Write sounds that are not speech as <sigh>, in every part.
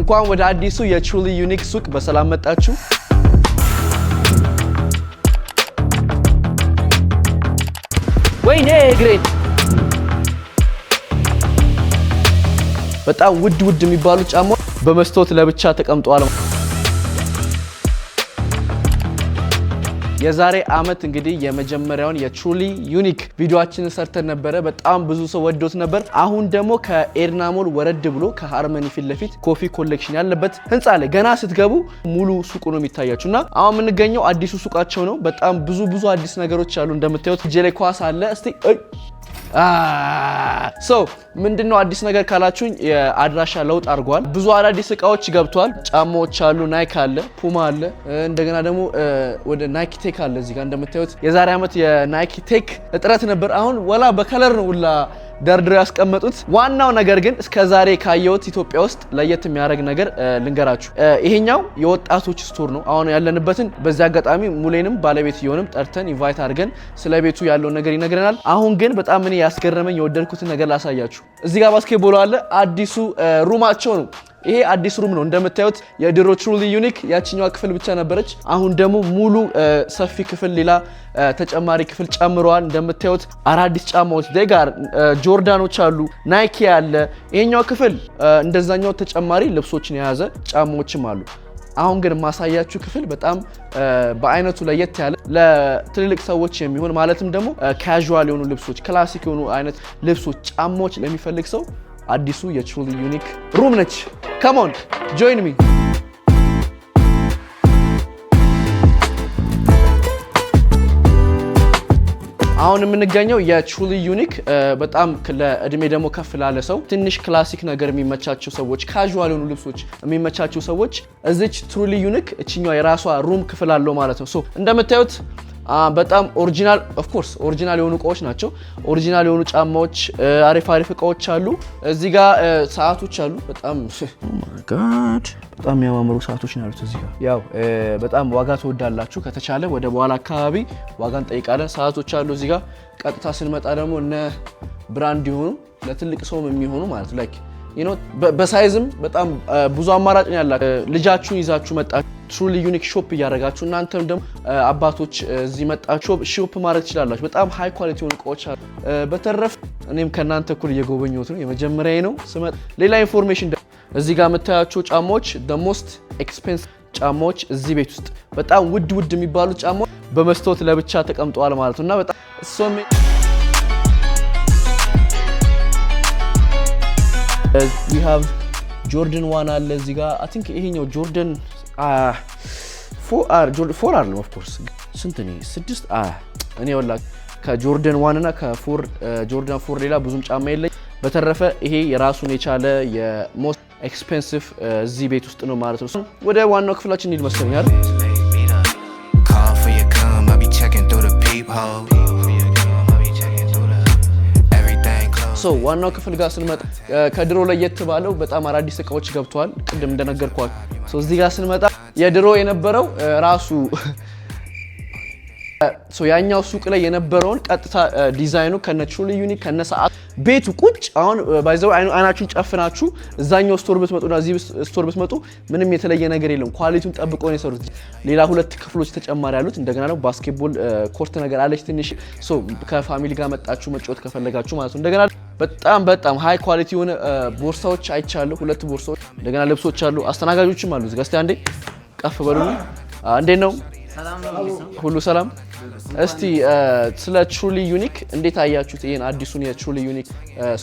እንኳን ወደ አዲሱ የትሩሊ ዩኒክ ሱቅ በሰላም መጣችሁ። ወይኔ ግሬት! በጣም ውድ ውድ የሚባሉ ጫማዎች በመስታወት ለብቻ ተቀምጠዋል። የዛሬ አመት እንግዲህ የመጀመሪያውን የትሩሊ ዩኒክ ቪዲዮችንን ሰርተን ነበረ። በጣም ብዙ ሰው ወዶት ነበር። አሁን ደግሞ ከኤድናሞል ወረድ ብሎ ከሃርመኒ ፊት ለፊት ኮፊ ኮሌክሽን ያለበት ህንፃ ላይ ገና ስትገቡ ሙሉ ሱቁ ነው የሚታያችሁ እና አሁን የምንገኘው አዲሱ ሱቃቸው ነው። በጣም ብዙ ብዙ አዲስ ነገሮች አሉ። እንደምታዩት እጄ ላይ ኳስ አለ። እስቲ ሰው ምንድነው አዲስ ነገር ካላችሁኝ የአድራሻ ለውጥ አድርጓል። ብዙ አዳዲስ እቃዎች ገብቷል። ጫማዎች አሉ፣ ናይክ አለ፣ ፑማ አለ። እንደገና ደግሞ ወደ ናይክ ቴክ አለ እዚጋ እንደምታዩት። የዛሬ ዓመት የናይክ ቴክ እጥረት ነበር። አሁን ወላ በከለር ነው ሁላ ደርድሮ ያስቀመጡት። ዋናው ነገር ግን እስከዛሬ ካየሁት ኢትዮጵያ ውስጥ ለየት የሚያደርግ ነገር ልንገራችሁ። ይሄኛው የወጣቶች ስቶር ነው አሁን ያለንበትን። በዚህ አጋጣሚ ሙሌንም ባለቤት የሆንም ጠርተን ኢንቫይት አድርገን ስለ ቤቱ ያለውን ነገር ይነግረናል። አሁን ግን በጣም እኔ ያስገረመኝ የወደድኩትን ነገር ላሳያችሁ። እዚህ ጋር ባስኬትቦል አለ። አዲሱ ሩማቸው ነው ይሄ አዲስ ሩም ነው እንደምታዩት፣ የድሮ ትሩሊ ዩኒክ ያችኛዋ ክፍል ብቻ ነበረች። አሁን ደግሞ ሙሉ ሰፊ ክፍል ሌላ ተጨማሪ ክፍል ጨምረዋል። እንደምታዩት አዳዲስ ጫማዎች ደጋር ጆርዳኖች አሉ፣ ናይኪ አለ። ይሄኛው ክፍል እንደዛኛው ተጨማሪ ልብሶችን የያዘ ጫማዎችም አሉ። አሁን ግን ማሳያችሁ ክፍል በጣም በአይነቱ ለየት ያለ ለትልልቅ ሰዎች የሚሆን ማለትም ደግሞ ካዥዋል የሆኑ ልብሶች፣ ክላሲክ የሆኑ አይነት ልብሶች፣ ጫማዎች ለሚፈልግ ሰው አዲሱ የትሩሊ ዩኒክ ሩም ነች። ከሞን ጆይን ሚ። አሁን የምንገኘው የትሩሊ ዩኒክ በጣም ለእድሜ ደግሞ ከፍ ላለ ሰው ትንሽ ክላሲክ ነገር የሚመቻቸው ሰዎች፣ ካዥዋል የሆኑ ልብሶች የሚመቻቸው ሰዎች እዚች ትሩሊ ዩኒክ እችኛ የራሷ ሩም ክፍል አለው ማለት ነው እንደምታዩት በጣም ኦሪጂናል ኦፍኮርስ ኦሪጂናል የሆኑ እቃዎች ናቸው። ኦሪጂናል የሆኑ ጫማዎች፣ አሪፍ አሪፍ እቃዎች አሉ። እዚህ ጋር ሰዓቶች አሉ። በጣም <laughs> oh በጣም የሚያማምሩ ሰዓቶች ነው ያሉት። እዚህ ጋር ያው በጣም ዋጋ ትወዳላችሁ። ከተቻለ ወደ በኋላ አካባቢ ዋጋ እንጠይቃለን። ሰዓቶች አሉ እዚህ ጋር። ቀጥታ ስንመጣ ደግሞ እነ ብራንድ የሆኑ ለትልቅ ሰውም የሚሆኑ ማለት ላይክ በሳይዝም በጣም ብዙ አማራጭ ያላችሁ ልጃችሁን ይዛችሁ መጣችሁ ትሩሊ ዩኒክ ሾፕ እያደረጋችሁ እናንተም ደግሞ አባቶች እዚህ መጣችሁ ሾፕ ማድረግ ትችላላችሁ። በጣም ሃይ ኳሊቲ የሆኑ እቃዎች አሉ። በተረፍ እኔም ከእናንተ እኩል እየጎበኘሁት ነው፣ የመጀመሪያ ነው ስመጣ። ሌላ ኢንፎርሜሽን እዚህ ጋር የምታያቸው ጫማዎች ደሞስት ኤክስፔንስ ጫማዎች እዚህ ቤት ውስጥ በጣም ውድ ውድ የሚባሉ ጫማዎች በመስታወት ለብቻ ተቀምጠዋል ማለት ነው እና በጣም እሶም ዊ ሃቭ ጆርደን ዋን አለ እዚህ ጋር አይ ቲንክ ይሄኛው ጆርደን ፎር አለ ኦፍኮርስ። ስንት ነው ስድስት? እኔ ወላ ከጆርደን ዋን እና ከጆርዳን ፎር ሌላ ብዙም ጫማ የለኝ። በተረፈ ይሄ የራሱን የቻለ የሞስት ኤክስፔንሲቭ እዚህ ቤት ውስጥ ነው ማለት ነው። ወደ ዋናው ክፍላችን እንሂድ መሰለኝ ሶ ዋናው ክፍል ጋር ስንመጣ ከድሮ ለየት ባለው በጣም አዳዲስ እቃዎች ገብተዋል። ቅድም እንደነገርኳል እዚህ ጋር ስንመጣ የድሮ የነበረው ራሱ ያኛው ሱቅ ላይ የነበረውን ቀጥታ ዲዛይኑ ከነ ትሩ ዩኒክ ከነ ሰዓት ቤቱ ቁጭ አሁን ባይዘው አይናችሁን ጨፍናችሁ እዛኛው ስቶር ብትመጡና እዚህ ስቶር ብትመጡ ምንም የተለየ ነገር የለም። ኳሊቲውን ጠብቆ ነው የሰሩት። ሌላ ሁለት ክፍሎች ተጨማሪ ያሉት እንደገና ደግሞ ባስኬትቦል ኮርት ነገር አለች ትንሽ ሶ ከፋሚሊ ጋር መጣችሁ መጫወት ከፈለጋችሁ ማለት ነው። እንደገና በጣም በጣም ሃይ ኳሊቲ የሆነ ቦርሳዎች አይቻለሁ። ሁለት ቦርሳዎች እንደገና ልብሶች አሉ። አስተናጋጆችም አሉ። እዚህ ጋር እስቲ አንዴ ቀፍ በሉ። እንዴት ነው ሁሉ ሰላም። እስቲ ስለ ትሩሊ ዩኒክ እንዴት አያችሁት? ይህን አዲሱን የትሩሊ ዩኒክ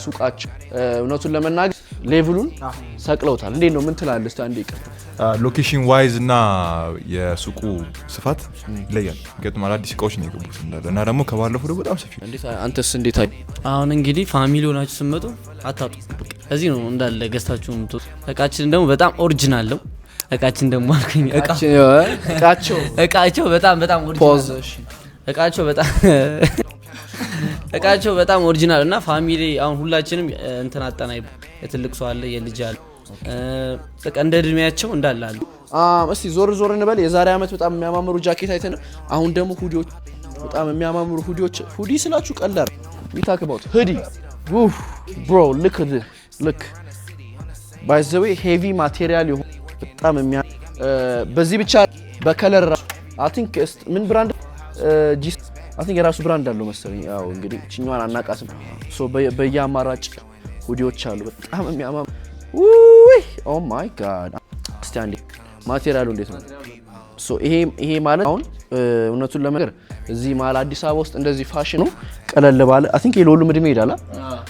ሱቃች እውነቱን ለመናገር ሌቭሉን ሰቅለውታል። እንዴት ነው? ምን ትላለህ? እስቲ አንዴ ይቅር። ሎኬሽን ዋይዝ እና የሱቁ ስፋት ይለያል። ምክንያቱም አዳዲስ እቃዎች ነው የገቡት እንዳለ እና ደግሞ ከባለፈው ደግሞ በጣም ሰፊ። አንተስ እንዴት አይ አሁን እንግዲህ ፋሚሊ ሆናችሁ ስትመጡ አታጡ። እዚህ ነው እንዳለ ገዝታችሁ። እቃችን ደግሞ በጣም ኦሪጂናል ነው እቃችን ደግሞ አልኩኝ። እቃቸው በጣም በጣም እቃቸው በጣም <laughs> እቃቸው በጣም ኦሪጂናል እና ፋሚሊ። አሁን ሁላችንም እንትን አጠና የትልቅ ሰው አለ የልጅ አለ በቃ እንደ እድሜያቸው እንዳላሉ። እስቲ ዞር ዞር እንበል። የዛሬ ዓመት በጣም የሚያማምሩ ጃኬት አይተን፣ አሁን ደግሞ ሁዲዎች፣ በጣም የሚያማምሩ ሁዲዎች። ሁዲ ስላችሁ ቀላል ሚታክባት ሁዲ ብሮ ልክ ልክ ባይዘዌ ሄቪ ማቴሪያል የሆነ በጣም የሚያ በዚህ ብቻ በከለር አይ ቲንክ ምን ብራንድ ጂስ አይ ቲንክ የራሱ ብራንድ አለው መሰለኝ። ያው እንግዲህ ችኛዋን አናቃስም። ሶ በየአማራጭ ሁዲዎች አሉ። በጣም የሚያማ ውይ ኦ ማይ ጋድ። እስቲ አንዴ ማቴሪያሉ እንዴት ነው? ሶ ይሄ ይሄ ማለት አሁን እውነቱን ለመገር እዚህ መሀል አዲስ አበባ ውስጥ እንደዚህ ፋሽኑ ቀለል ባለ አይ ቲንክ ለሁሉም እድሜ ይሄዳል።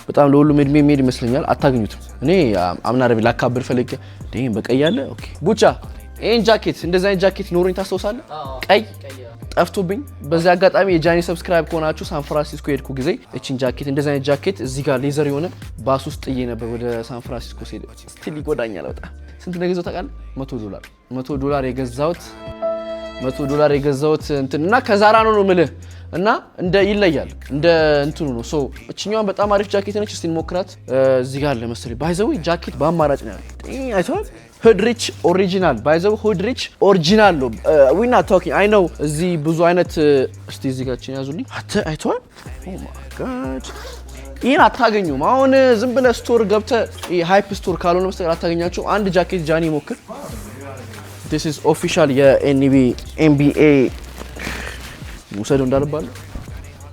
በጣም ለሁሉም እድሜ የሚሄድ ይመስለኛል። አታገኙትም። እኔ አምና ረቢ ላካብር ፈለግ ይህም በቀያለ ኦኬ ቡቻ ይህን ጃኬት እንደዚህ አይነት ጃኬት ኖሮኝ ታስታውሳለህ? ቀይ ጠፍቶብኝ። በዚህ አጋጣሚ የጃኒ ሰብስክራይብ ከሆናችሁ ሳን ፍራንሲስኮ የሄድኩ ጊዜ እችን ጃኬት እንደዚህ አይነት ጃኬት እዚህ ጋር ሌዘር የሆነ ባስ ውስጥ ጥዬ ነበር ወደ ሳን ፍራንሲስኮ ስሄድ። ስቲል ይጎዳኛል በጣም። ስንት ነው የገዛሁት ታውቃለህ? መቶ ዶላር መቶ ዶላር የገዛሁት መቶ ዶላር የገዛሁት እንትን እና ከዛራ ነው ነው ምልህ እና እንደ ይለያል እንደ እንትኑ ነው። ሶ እችኛዋን በጣም አሪፍ ጃኬት ነች። እስቲ እንሞክራት። እዚህ ጋር አለ መሰለኝ ባይዘዊ ጃኬት በአማራጭ ነው ያለ አይተዋል። ሁድሪች ኦሪጂናል ባይዘው ሁድሪች ኦሪጂናል ነው። ዊና ታኪንግ አይ ነው። እዚህ ብዙ አይነት እስቲ እዚህ ጋር ያዙልኝ። አተ አይተዋል። ኦ ማይ ጋድ ይህን አታገኙም። አሁን ዝም ብለህ ስቶር ገብተህ ሀይፕ ስቶር ካልሆነ መስጠቀር አታገኛቸው። አንድ ጃኬት ጃኒ ሞክር ዲስ ኢዝ ኦፊሻል የኤንቢ ኤንቢኤ ውሰደው እንዳልባለ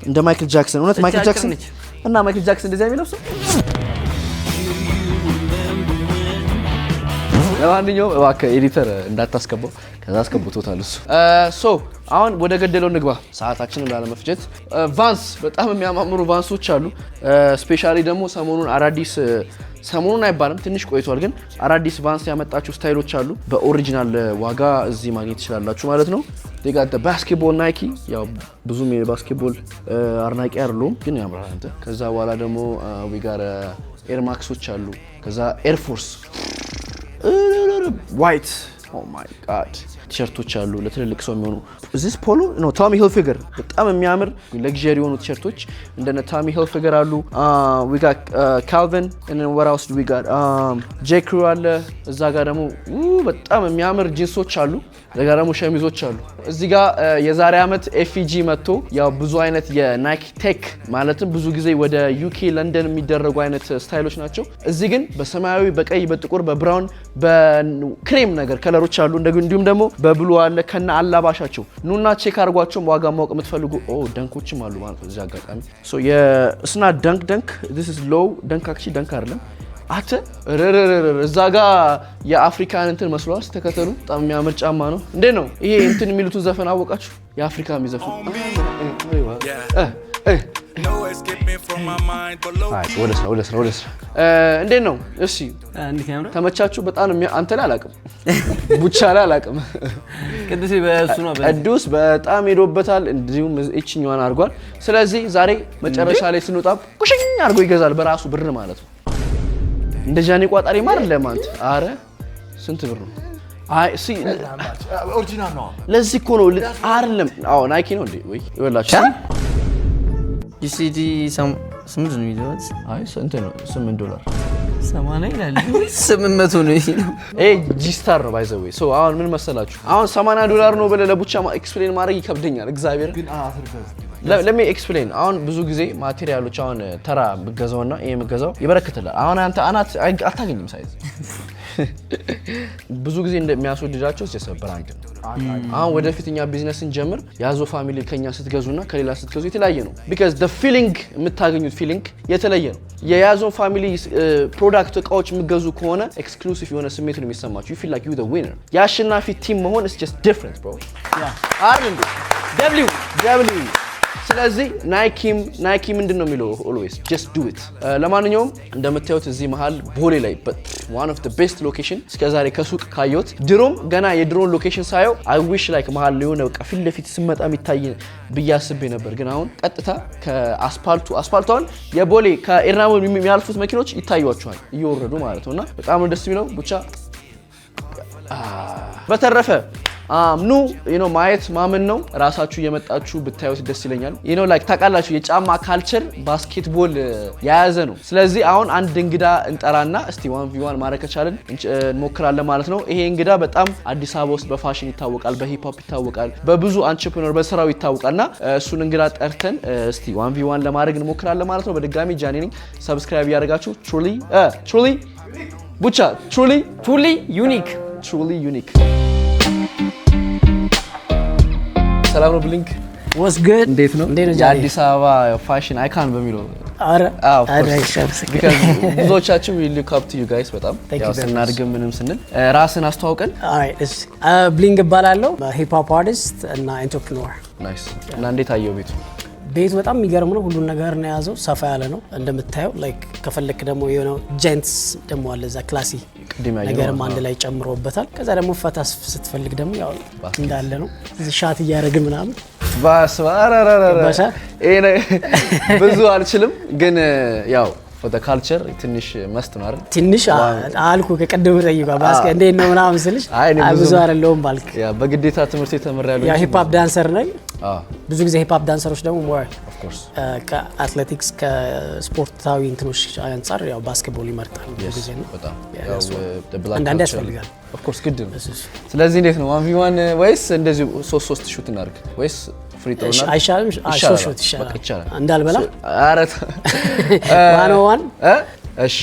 እንደ ማይክል ጃክሰን እውነት ማይክል ጃክሰን እና ማይክል ጃክሰን እንደዚያ የሚለብሰው። ለማንኛውም እባክህ ኤዲተር እንዳታስገባው፣ ከዛ አስገብቶታል እሱ። ሶ አሁን ወደ ገደለው ንግባ፣ ሰዓታችንን ላለመፍጀት። ቫንስ በጣም የሚያማምሩ ቫንሶች አሉ። ስፔሻሊ ደግሞ ሰሞኑን አዳዲስ ሰሞኑን አይባልም ትንሽ ቆይቷል፣ ግን አዳዲስ ቫንስ ያመጣቸው ስታይሎች አሉ። በኦሪጂናል ዋጋ እዚህ ማግኘት ትችላላችሁ ማለት ነው። ዜጋ ባስኬትቦል ናይኪ፣ ያው ብዙም የባስኬትቦል አድናቂ አይደለሁም፣ ግን ያምራል አንተ። ከዛ በኋላ ደግሞ ዊጋር ኤርማክሶች አሉ። ከዛ ኤርፎርስ ዋይት ኦ ማይ ጋድ ቲሸርቶች አሉ ለትልልቅ ሰው የሚሆኑ እዚስ ፖሎ ነው። ታሚ ሂል ፊገር በጣም የሚያምር ለግሪ የሆኑ ቲሸርቶች እንደነ ታሚ ሂል ፊገር አሉ። ዊጋ ካልቪን ውስድ ዊጋ ጄክሩ አለ። እዛ ጋር ደግሞ በጣም የሚያምር ጂንሶች አሉ። እዚጋ ደግሞ ሸሚዞች አሉ። እዚህ ጋ የዛሬ ዓመት ኤፍጂ መጥቶ ያው ብዙ አይነት የናይክ ቴክ ማለትም ብዙ ጊዜ ወደ ዩኬ ለንደን የሚደረጉ አይነት ስታይሎች ናቸው። እዚህ ግን በሰማያዊ፣ በቀይ፣ በጥቁር፣ በብራውን፣ በክሬም ነገር ከለሮች አሉ። እንዲሁም ደግሞ በብሉ አለ ከነ አላባሻቸው። ኑና ቼክ አድርጓቸውም ዋጋ ማወቅ የምትፈልጉ ደንኮችም አሉ ማለት ነው። እዚህ አጋጣሚ የእስና ደንክ ደንክ ስ ሎው ደንክ አክቺ ደንክ አይደለም አተ እዛ ጋ የአፍሪካን እንትን መስሏል። ተከተሉ በጣም የሚያምር ጫማ ነው። እንዴ ነው ይሄ እንትን የሚሉት ዘፈን አወቃችሁ? የአፍሪካ የሚዘፍኑ እንዴ ነው እሺ፣ ተመቻችሁ? በጣም አንተ ላይ አላቅም፣ ቡቻ ላይ አላቅም። ቅዱስ በጣም ሄዶበታል፣ እንዲሁም እችኛዋን አድርጓል። ስለዚህ ዛሬ መጨረሻ ላይ ስንወጣ ቁሽኝ አድርጎ ይገዛል፣ በራሱ ብር ማለት ነው። እንደ ጃኔ ቋጣሪ ማር ለማንት አረ ስንት ብር ነው? ለዚህ እኮ ነው አይደለም። አዎ ናይኪ ነው እንዴ? ወይ ስምንት ነው ይዘውት። አይ ስንት ነው? ስምንት ዶላር <laughs> ስምንት መቶ ነው ይሄ። ጂስታር ነው ወይ አሁን ምን መሰላችሁ? አሁን ሰማንያ ዶላር ነው ብለህ ለቡቻ ኤክስፕሌን ማድረግ ይከብደኛል። እግዚአብሔር ግን ለሚ ኤክስፕሌን አሁን ብዙ ጊዜ ማቴሪያሎች አሁን ተራ ምገዛውና ይሄ ምገዛው ይበረክትላል። አሁን አንተ አናት አታገኝም ሳይዝ <laughs> ብዙ ጊዜ እንደሚያስወድዳቸው ስ ብራንድ ነው። አሁን ወደፊት እኛ ቢዝነስ ስንጀምር የአዞ ፋሚሊ ከኛ ስትገዙና ከሌላ ስትገዙ የተለያየ ነው። ቢካዝ ደ ፊሊንግ የምታገኙት ፊሊንግ የተለየ ነው። የያዞ ፋሚሊ ፕሮዳክት እቃዎች የምገዙ ከሆነ ኤክስክሉሲቭ የሆነ ስሜት ነው የሚሰማቸው። ዩ ፊል ላይክ ዩ ዘ ዊነር የአሸናፊ ቲም መሆን ኢስ ጀስት ዲፍረንት ብሮ ደብሊው ደብሊው ስለዚህ ናይኪም ናይኪ ምንድን ነው የሚለው ኦልዌይስ ጀስት ዱ ኢት። ለማንኛውም እንደምታዩት እዚህ መሀል ቦሌ ላይ ዋን ኦፍ ቤስት ሎኬሽን እስከዛሬ ከሱቅ ካየሁት ድሮም ገና የድሮን ሎኬሽን ሳየው አይ ዊሽ ላይክ መሀል የሆነ በቃ ፊት ለፊት ስመጣ የሚታይ ብዬ አስቤ ነበር፣ ግን አሁን ቀጥታ ከአስፓልቱ አስፓልቱ አሁን የቦሌ ከኤርናሞ የሚያልፉት መኪኖች ይታዩቸዋል እየወረዱ ማለት ነው። እና በጣም ደስ የሚለው ብቻ በተረፈ አምኑ um, ነው ማየት ማመን ነው። ራሳችሁ እየመጣችሁ ብታዩት ደስ ይለኛል። ነው ላይክ ታውቃላችሁ፣ የጫማ ካልቸር ባስኬትቦል uh, የያዘ ነው። ስለዚህ አሁን አንድ እንግዳ እንጠራና እስቲ ዋን ቪ ዋን ማድረግ ከቻልን uh, እንሞክራለን ማለት ነው። ይሄ እንግዳ በጣም አዲስ አበባ ውስጥ በፋሽን ይታወቃል፣ በሂፕሆፕ ይታወቃል፣ በብዙ አንትርፕኖር በስራው ይታወቃልና እሱን እንግዳ ጠርተን uh, እስቲ ዋን ቪ ዋን ለማድረግ እንሞክራለን ማለት ነው። በድጋሚ ጃኒ ነኝ። ሰብስክራይብ እያደረጋችሁ ትሩሊ ትሩሊ ቡቻ ትሩሊ ትሩሊ ዩኒክ ትሩሊ ዩኒክ ሰላም ነው ብሊንክ ወስገድ እንዴት ነው? የአዲስ አበባ ፋሽን አይካን በሚለው ብዙዎቻችን ሊካፕት ዩ ጋይስ በጣም ስናድግ ምንም ስንል ራስን አስተዋውቀን። ብሊንግ እባላለሁ ሂፕ ሆፕ አርቲስት እና ኢንተርፕረነር እና እንዴት አየው ቤቱ ቤቱ በጣም የሚገርም ነው። ሁሉን ነገር ነው የያዘው። ሰፋ ያለ ነው እንደምታየው። ላይክ ከፈለክ ደግሞ የሆነ ጀንትስ ደግሞ አለ እዛ ክላሲ ነገርም አንድ ላይ ጨምሮበታል። ከዛ ደግሞ ፈታ ስትፈልግ ደግሞ ያው እንዳለ ነው። ሻት እያደረግ ምናምን <laughs> ብዙ አልችልም ግን ያው ወደ ካልቸር ትንሽ መስት ነው አይደል? ትንሽ አልኩ ከቀደም ጠይቋ ባስከ ah. እንዴት ነው ምናምን ስልሽ ብዙ አይደለሁም ባልክ፣ በግዴታ ትምህርት የተመራ ያለው ሂፕ ሆፕ ዳንሰር ነኝ። ah. ብዙ ጊዜ ሂፕ ሆፕ ዳንሰሮች ደግሞ ሞር ኦፍ ኮርስ ከአትሌቲክስ ከስፖርታዊ እንትኖች አንጻር ያው ባስኬትቦል ይመርጣል ብዙ ጊዜ ነው። በጣም uh, አንዳንዴ ያስፈልጋል ኦፍ ኮርስ ግድ ነው። ስለዚህ እንዴት ነው ዋን ቪ ዋን ወይስ እንደዚህ ሶስት ሶስት ሹት እናድርግ ወይስ ፍሪ ጥሩ ናት። አይሻልም? ሾሾት ይሻላል። እንዳልበላ <laughs> ዋን ዋን። እሺ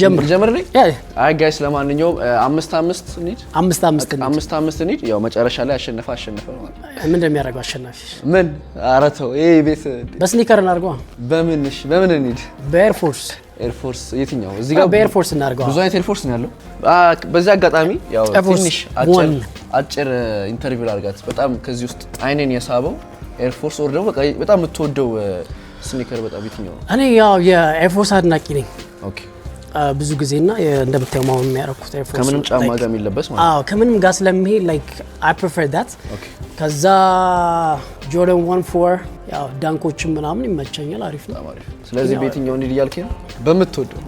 ጀምር ጀምር። አይ ጋይስ፣ ለማንኛውም አምስት አምስት እንሂድ፣ አምስት አምስት እንሂድ፣ አምስት አምስት እንሂድ። ያው መጨረሻ ላይ አሸነፈ አሸነፈ ማለት ምን እንደሚያደርገው አሸናፊ ምን ኧረ ይሄ ቤት በስኒከር እናድርገዋ። በምን እሺ፣ በምን እንሂድ? በኤር ፎርስ የትኛው? እዚህ ጋር በኤር ፎርስ ብዙ አይነት ኤር ነው ያለው። በዚህ አጋጣሚ ያው ትንሽ አጭር ኢንተርቪው ላድርጋት። በጣም ከዚህ ውስጥ አይኔን የሳበው ኤርፎርስ ወር ደግሞ በጣም የምትወደው ስኒከር በጣም የትኛው ነው? እኔ ያው የኤርፎርስ አድናቂ ነኝ። ኦኬ ብዙ ጊዜና እንደምታየው ማሁን የሚያረኩት ኤርፎርስ ከምንም ጫማ ጋር የሚለበስ ማለት አዎ፣ ከምንም ጋር ስለሚሄድ ላይክ አይ ፕሪፈር ዳት። ኦኬ ከዛ ጆርዳን 1 4 ያው ዳንኮችን ምናምን ይመቸኛል። አሪፍ ነው። ስለዚህ በየትኛው እንሂድ እያልክ ነው? በምትወደው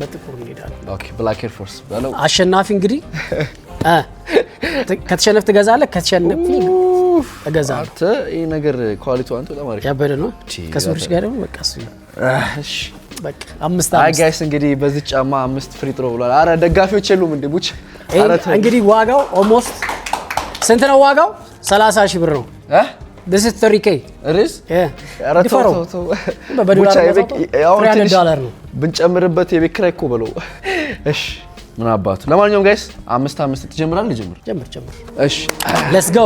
በጥቁር እንሄዳለን። ኦኬ ብላክ ኤርፎርስ በለው። አሸናፊ እንግዲህ <laughs> ከተሸነፍ ትገዛለህ ከተሸነፍ እገዛ አንተ ይሄ ነገር ኳሊቲ አንተ በጣም አሪፍ ያበደ ነው። ከሰዎች ጋር ደግሞ በቃ እሱ እሺ በቃ አምስት አይ ጋይስ እንግዲህ በዚህ ጫማ አምስት ፍሪ ጥሮ ብሏል። አረ ደጋፊዎች የሉም እንዴ ቡች? እንግዲህ ዋጋው ኦልሞስት ስንት ነው ዋጋው? 30 ሺህ ብር ነው እ ዲስ ኢዝ 30 ኬ ሪስ እ አረ በዶላር ነው ብንጨምርበት የቤት ኪራይ እኮ በለው እሺ ምን አባቱ። ለማንኛውም ጋይስ አምስት አምስት ትጀምራለህ? ጀምር ጀምር ጀምር። እሺ ሌትስ ጎ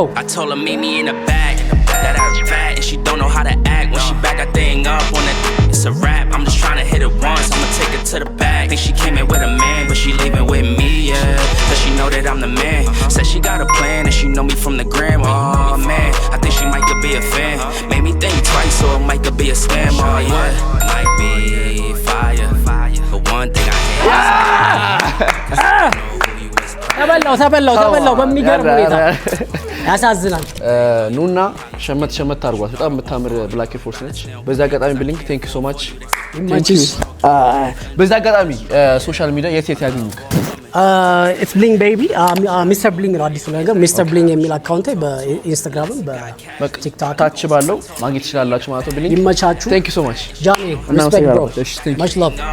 ተበላው ተበላው ተበላው በሚገርም ሁኔታ ያሳዝናል። ኑና ሸመት ሸመት አድርጓት። በጣም የምታምር ብላክ ፎርስ ነች። በዚህ አጋጣሚ ብሊንክ ቴንክ ሶ ማች። በዚህ አጋጣሚ ሶሻል ሚዲያ የት የት ያገኙክ? ብሊንግ ቤቢ ሚስተር ብሊንግ ነው አዲሱ ነገር። ሚስተር ብሊንግ የሚል አካውንት በኢንስታግራምም በቲክቶክ ታች ባለው ማግኘት ትችላላችሁ ማለት ነው። ብሊንግ ይመቻችሁ። ቴንክ ዩ ሶ ማች ጃኒ።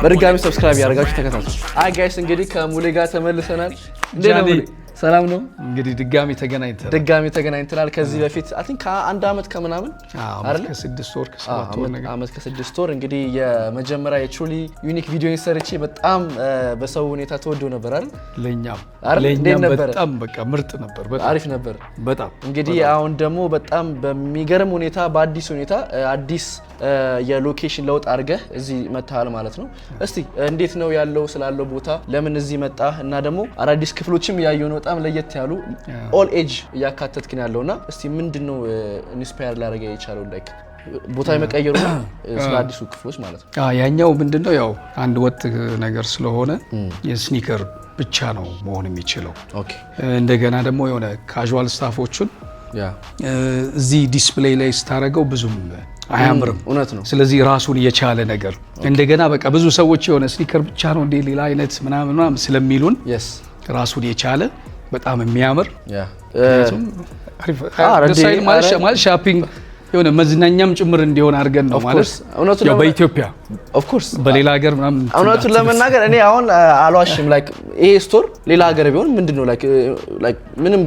በድጋሚ ሰብስክራይብ ያደርጋችሁ ተከታተሉ። አይ ጋይስ እንግዲህ ከሙሌ ጋር ተመልሰናል። ነው ሰላም ነው። እንግዲህ ድጋሚ ተገናኝተናል። ድጋሚ ተገናኝተናል። ከዚህ በፊት አይ ቲንክ አንድ አመት ከምናምን አይደል? ከስድስት ወር ከሰባት ወር ነገር አመት ከስድስት ወር እንግዲህ የመጀመሪያ የቹሊ ዩኒክ ቪዲዮ ሰርቼ በጣም በሰው ሁኔታ ተወዶ ነበር አይደል? ለኛም ለኛም በጣም በቃ ምርጥ ነበር። በጣም አሪፍ ነበር። በጣም እንግዲህ አሁን ደግሞ በጣም በሚገርም ሁኔታ በአዲስ ሁኔታ አዲስ የሎኬሽን ለውጥ አድርገህ እዚህ መጥተሃል ማለት ነው። እስቲ እንዴት ነው ያለው ስላለው ቦታ ለምን እዚህ መጣ እና ደግሞ አዳዲስ ክፍሎችም ያየው ነው በጣም ለየት ያሉ ኦል ኤጅ እያካተትክን ያለው እና እስቲ ምንድን ነው ኢንስፓየር ላደረገ የቻለው ላይክ ቦታ የመቀየሩ ስለ አዲሱ ክፍሎች ማለት ነው። ያኛው ምንድን ነው ያው አንድ ወጥ ነገር ስለሆነ የስኒከር ብቻ ነው መሆን የሚችለው። እንደገና ደግሞ የሆነ ካዥዋል ስታፎቹን እዚህ ዲስፕሌይ ላይ ስታደረገው ብዙም አያምርም። እውነት ነው። ስለዚህ ራሱን የቻለ ነገር እንደገና በቃ ብዙ ሰዎች የሆነ ስኒከር ብቻ ነው እንዴ ሌላ አይነት ምናምን ምናምን ስለሚሉን ራሱን የቻለ በጣም የሚያምር ማለት ሻፒንግ የሆነ መዝናኛም ጭምር እንዲሆን አድርገን ነው ማለት ነው በኢትዮጵያ ኦፍኮርስ በሌላ ሀገር ምናምን እውነቱን ለመናገር እኔ አሁን አልዋሽም። ላይክ ይሄ ስቶር ሌላ ሀገር ቢሆን ምንድን ነው ላይክ ላይክ ምንም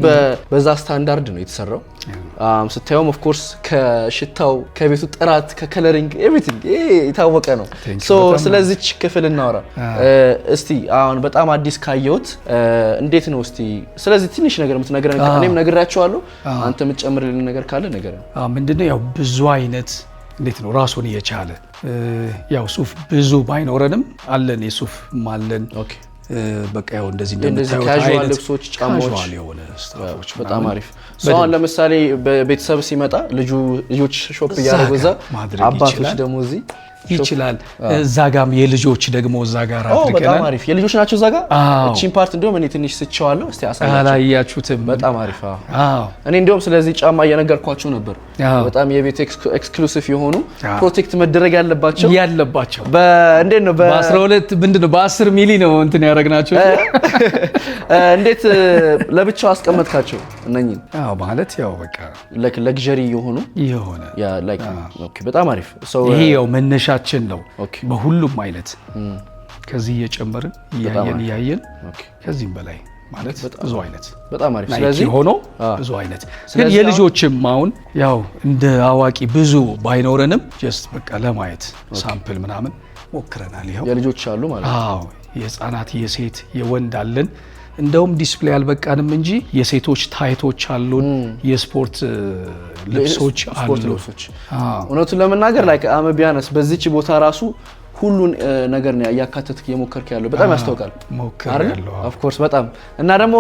በዛ ስታንዳርድ ነው የተሰራው። ስታየውም ኦፍኮርስ ከሽታው፣ ከቤቱ ጥራት፣ ከከለሪንግ ኤቭሪቲንግ የታወቀ ነው። ሶ ስለዚች ክፍል እናወራ እስቲ። አሁን በጣም አዲስ ካየሁት እንዴት ነው እስቲ ስለዚህ ትንሽ ነገር የምትነግረን? እኔም ነግሬያቸዋለሁ። አንተ የምትጨምርልን ነገር ካለ ነገር ነው ምንድን ያው ብዙ አይነት እንዴት ነው ራሱን እየቻለ ያው ሱፍ ብዙ ባይኖረንም አለን፣ የሱፍ ማለን በቃ ያው እንደዚህ እንደምታዩት ልብሶች፣ ጫማዎች የሆነ ስታፎች በጣም አሪፍ ሰው። ለምሳሌ በቤተሰብ ሲመጣ ልጁ ልጆች ሾፕ እያደረጉ እዛ፣ አባቶች ደግሞ እዚህ ይችላል። እዛ ጋም የልጆች ደግሞ እዛ ጋር አድርገናል። በጣም አሪፍ የልጆች ናቸው። እዛ ጋር እቺን ፓርት እንዲሁም እኔ ትንሽ ስቸዋለሁ። እስቲ አሳያችሁ። አላያችሁትም? በጣም አሪፍ። እኔ እንዲሁም ስለዚህ ጫማ እየነገርኳቸው ነበር በጣም የቤት ኤክስክሉሲቭ የሆኑ ፕሮቴክት መደረግ ያለባቸው ያለባቸው እንዴት ነው በ12 ምንድን ነው በ10 ሚሊ ነው እንትን ያደረግናቸው። እንዴት ለብቻው አስቀመጥካቸው እነኝን? አዎ ማለት ያው በቃ ላይክ ለግዠሪ የሆኑ የሆነ ያ ላይክ ኦኬ፣ በጣም አሪፍ ሰው። ይሄ ያው መነሻችን ነው በሁሉም አይነት ከዚህ እየጨመርን እያየን እያየን ከዚህም በላይ ማለት ብዙ አይነት በጣም አሪፍ። ስለዚህ ሆኖ ብዙ አይነት ግን የልጆችም አሁን ያው እንደ አዋቂ ብዙ ባይኖረንም ጀስት በቃ ለማየት ሳምፕል ምናምን ሞክረናል። ይኸው የልጆች አሉ ማለት የህፃናት የሴት የወንድ አለን። እንደውም ዲስፕሌይ አልበቃንም እንጂ የሴቶች ታይቶች አሉን፣ የስፖርት ልብሶች አሉ። እውነቱን ለመናገር ላይ አመቢያነስ በዚች ቦታ ራሱ ሁሉን ነገር ነው እያካተትክ እየሞከርክ ያለው። በጣም ያስታውቃል። ኦፍኮርስ በጣም እና ደግሞ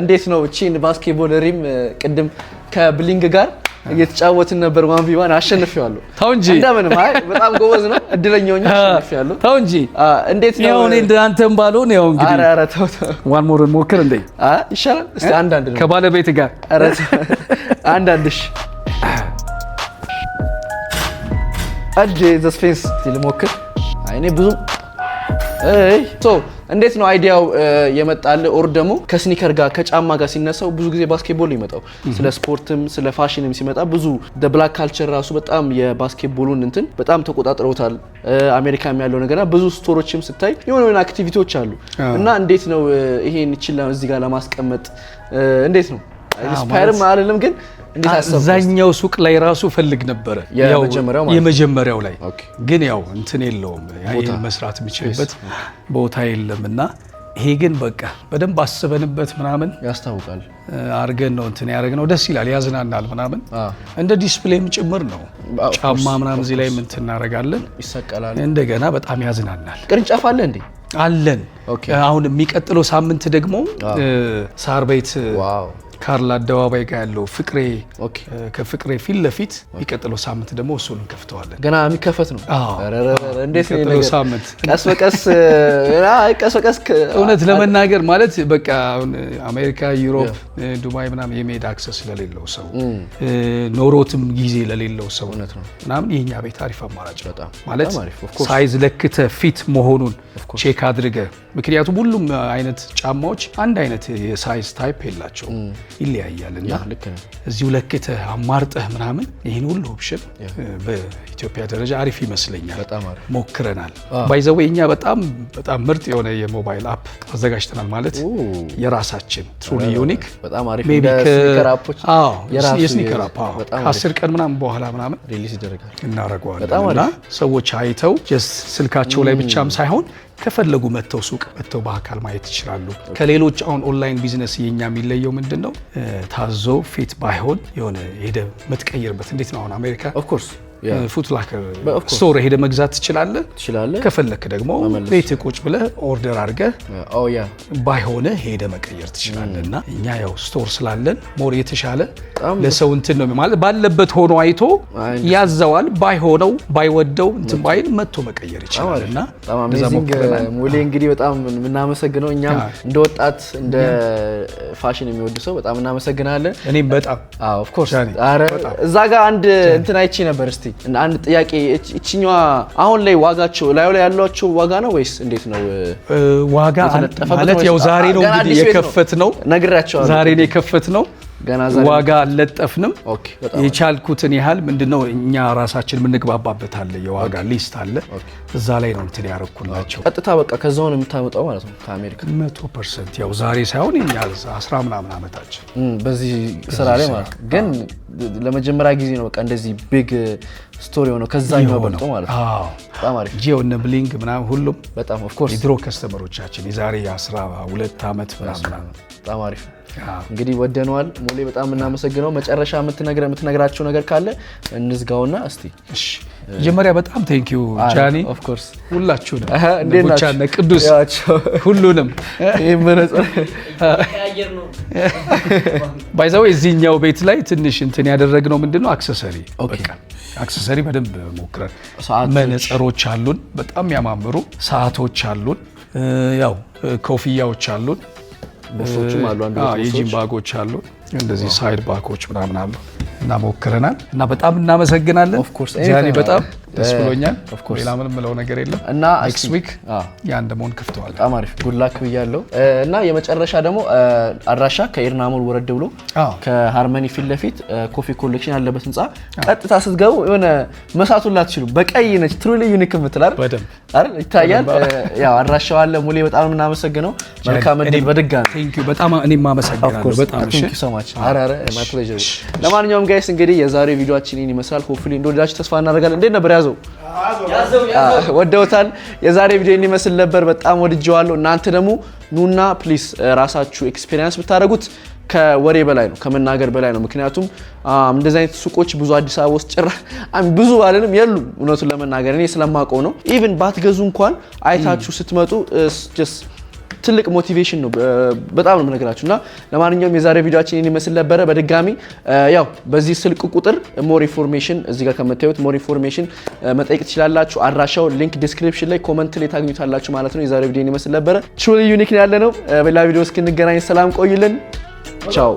እንዴት ነው እቺን ባስኬትቦል ሪም ቅድም ከብሊንግ ጋር እየተጫወትን ነበር። ዋን ቪዋን ዋን አሸንፌዋለሁ። ተው እንጂ እንደምንም። አይ በጣም ጎበዝ ነው፣ እድለኛውኝ አሸንፌዋለሁ። ተው እንጂ እንዴት ነው እኔ እንዳንተም ባልሆን ያው እንግዲህ ኧረ ኧረ ተው ተው፣ ዋን ሞር ሞክር እንዴ ይሻላል። እስቲ አንድ አንድ ነው ከባለቤት ጋር ኧረ አንድ አንድ እሺ አጄ እጅ ዘስፌንስ ልሞክር እኔ ብዙም እንዴት ነው አይዲያው የመጣል? ኦር ደግሞ ከስኒከር ጋር ከጫማ ጋር ሲነሳው ብዙ ጊዜ ባስኬትቦል ይመጣው ስለ ስፖርትም ስለ ፋሽንም ሲመጣ ብዙ ብላክ ካልቸር ራሱ በጣም የባስኬትቦሉን እንትን በጣም ተቆጣጥረውታል። አሜሪካም ያለው ነገርና ብዙ ስቶሮችም ስታይ የሆነ የሆነ አክቲቪቲዎች አሉ እና እንዴት ነው ይሄን እዚህ ጋር ለማስቀመጥ እንዴት ነው ኢንስፓየርም አልልም ግን አብዛኛው ሱቅ ላይ ራሱ ፈልግ ነበረ የመጀመሪያው ላይ ግን ያው እንትን የለውም መስራት የሚችልበት ቦታ የለም እና ይሄ ግን በቃ በደንብ አስበንበት ምናምን ያስታውቃል አርገን ነው እንትን ነው ደስ ይላል፣ ያዝናናል ምናምን እንደ ዲስፕሌም ጭምር ነው። ጫማ ምናምን እዚህ ላይ ምን እናደርጋለን፣ ይሰቀላል። እንደገና በጣም ያዝናናል። ቅርንጫፍ አለ እንዴ? አለን አሁን የሚቀጥለው ሳምንት ደግሞ ሳር ቤት ካርል አደባባይ ጋር ያለው ፍቅሬ ከፍቅሬ ፊት ለፊት የሚቀጥለው ሳምንት ደግሞ እሱን እንከፍተዋለን። ገና የሚከፈት ነው። እንዴት ሳምንት ቀስ በቀስ ቀስ በቀስ እውነት ለመናገር ማለት በቃ አሜሪካ፣ ዩሮፕ፣ ዱባይ ምናምን የመሄድ አክሰስ ለሌለው ሰው ኖሮትም ጊዜ ለሌለው ሰው ምናምን የኛ ቤት አሪፍ አማራጭ ማለት ሳይዝ ለክተ ፊት መሆኑን ቼክ አድርገ ምክንያቱም ሁሉም አይነት ጫማዎች አንድ አይነት የሳይዝ ታይፕ የላቸውም፣ ይለያያል እና እዚሁ ለክተህ አማርጠህ ምናምን ይህን ሁሉ ኦፕሽን በኢትዮጵያ ደረጃ አሪፍ ይመስለኛል። ሞክረናል። ባይዘዌ እኛ በጣም በጣም ምርጥ የሆነ የሞባይል አፕ አዘጋጅተናል። ማለት የራሳችን ትሩሊ ዩኒክ የስኒከር አፕ ከአስር ቀን ምናምን በኋላ ምናምን እናደርገዋለን እና ሰዎች አይተው ስልካቸው ላይ ብቻም ሳይሆን ከፈለጉ መጥተው ሱቅ መጥተው በአካል ማየት ይችላሉ። ከሌሎች አሁን ኦንላይን ቢዝነስ የኛ የሚለየው ምንድን ነው? ታዞ ፊት ባይሆን የሆነ ሄደ የምትቀይርበት እንዴት ነው አሁን አሜሪካ ኦፍኮርስ ፉት ላከር ስቶር ሄደ መግዛት ትችላለህ ትችላለህ። ከፈለክ ደግሞ ቤት ቁጭ ብለህ ኦርደር አድርገህ ባይሆነ ሄደ መቀየር ትችላለህ። እና እኛ ያው ስቶር ስላለን ሞር የተሻለ ለሰው እንትን ነው ማለት ባለበት ሆኖ አይቶ ያዘዋል። ባይሆነው ባይወደው እንትን ባይል መጥቶ መቀየር ይችላል። እና ሙሌ እንግዲህ በጣም የምናመሰግነው እኛም እንደ ወጣት እንደ ፋሽን የሚወድ ሰው በጣም እናመሰግናለን። እኔም በጣም ኦፍኮርስ እዛ ጋር አንድ እንትን አይቼ ነበር እስቲ አለኝ። አንድ ጥያቄ፣ እችኛዋ አሁን ላይ ዋጋቸው ላዩ ላይ ያሏቸው ዋጋ ነው ወይስ እንዴት ነው? ዋጋ ማለት ያው ዛሬ ነው እንግዲህ የከፈት ነው ነግራቸዋለሁ። ዛሬ ነው የከፈት ነው ዋጋ አልለጠፍንም። የቻልኩትን ያህል ምንድነው እኛ ራሳችን የምንግባባበት አለ፣ የዋጋ ሊስት አለ። እዛ ላይ ነው እንትን ያረኩላቸው ቀጥታ በቃ ከዛውን የምታመጣው ማለት ነው ከአሜሪካ መቶ ፐርሰንት ያው ዛሬ ሳይሆን እኛ አስራ ምናምን አመታችን በዚህ ስራ ላይ ማለት ግን ለመጀመሪያ ጊዜ ነው በቃ እንደዚህ ቢግ ስቶሪ ሆነው ከዛኛው በልጦ ማለት ነው። በጣም አሪፍ ጂዮ እነ ብሊንግ ምናምን ሁሉም በጣም ኦፍ ኮርስ የድሮ ከስተመሮቻችን የዛሬ 12 ዓመት ምናምን በጣም አሪፍ እንግዲህ ወደነዋል። ሞሌ በጣም እናመሰግነው። መጨረሻ የምትነግራቸው ነገር ካለ እንዝጋውና እስቲ መጀመሪያ በጣም ቴንኪዩ ጃኒ ኦፍኮርስ፣ ሁላችሁንም ቻነ ቅዱስ፣ ሁሉንም እዚህኛው ቤት ላይ ትንሽ እንትን ያደረግነው ምንድነው አክሰሰሪ አክሰሰሪ በደንብ ሞክረን መነጽሮች አሉን፣ በጣም ያማምሩ ሰዓቶች አሉን፣ ያው ኮፍያዎች አሉን ቦርሶችም አሉ፣ የጂም ባጎች አሉ፣ እንደዚህ ሳይድ ባኮች ምናምን አሉ እና ሞክረናል እና በጣም እናመሰግናለን። በጣም ደስ ብሎኛል። ሌላ ምንም ምለው ነገር የለም እና ኔክስት ዊክ ያን ደሞን ከፍተዋል። በጣም አሪፍ ጉድላክ ብያለሁ። እና የመጨረሻ ደግሞ አድራሻ ከኤርናሞል ወረድ ብሎ ከሃርመኒ ፊት ለፊት ኮፊ ኮሌክሽን ያለበት ህንፃ ቀጥታ ስትገቡ የሆነ መሳቱን ላትችሉ በቀይ ነች ትሩሊ ዩኒክ የምትላል ይታያል። ያው አድራሻው አለ። ሙሌ በጣም የምናመሰግነው መልካም እድል በድጋሚ በጣም እኔ ማመሰግናለሁ። ለማንኛውም ጋይስ እንግዲህ የዛሬ ቪዲዮችን ይመስላል። ሆፕፉሊ እንደወደዳችሁ ተስፋ እናደርጋለን። እንዴት ነበር ያዘው ወደውታል። የዛሬ ቪዲዮ እንዲመስል ነበር። በጣም ወድጀዋለሁ። እናንተ ደግሞ ኑና ፕሊስ ራሳችሁ ኤክስፔሪንስ ብታደረጉት ከወሬ በላይ ነው፣ ከመናገር በላይ ነው። ምክንያቱም እንደዚህ አይነት ሱቆች ብዙ አዲስ አበባ ውስጥ ጭራ ብዙ ባለንም የሉም። እውነቱን ለመናገር እኔ ስለማውቀው ነው። ኢቭን ባትገዙ እንኳን አይታችሁ ስትመጡ ስ ትልቅ ሞቲቬሽን ነው። በጣም ነው የምነግራችሁ። እና ለማንኛውም የዛሬ ቪዲዮችን ይህን ይመስል ነበረ። በድጋሚ ያው በዚህ ስልክ ቁጥር ሞር ኢንፎርሜሽን እዚህ ጋር ከምታዩት ሞር ኢንፎርሜሽን መጠየቅ ትችላላችሁ። አድራሻው ሊንክ ዲስክሪፕሽን ላይ ኮመንት ላይ ታግኙታላችሁ ማለት ነው። የዛሬ ቪዲዮ ይመስል ነበረ። ትሩሊ ዩኒክ ያለ ነው። በሌላ ቪዲዮ እስክንገናኝ ሰላም ቆይልን። ቻው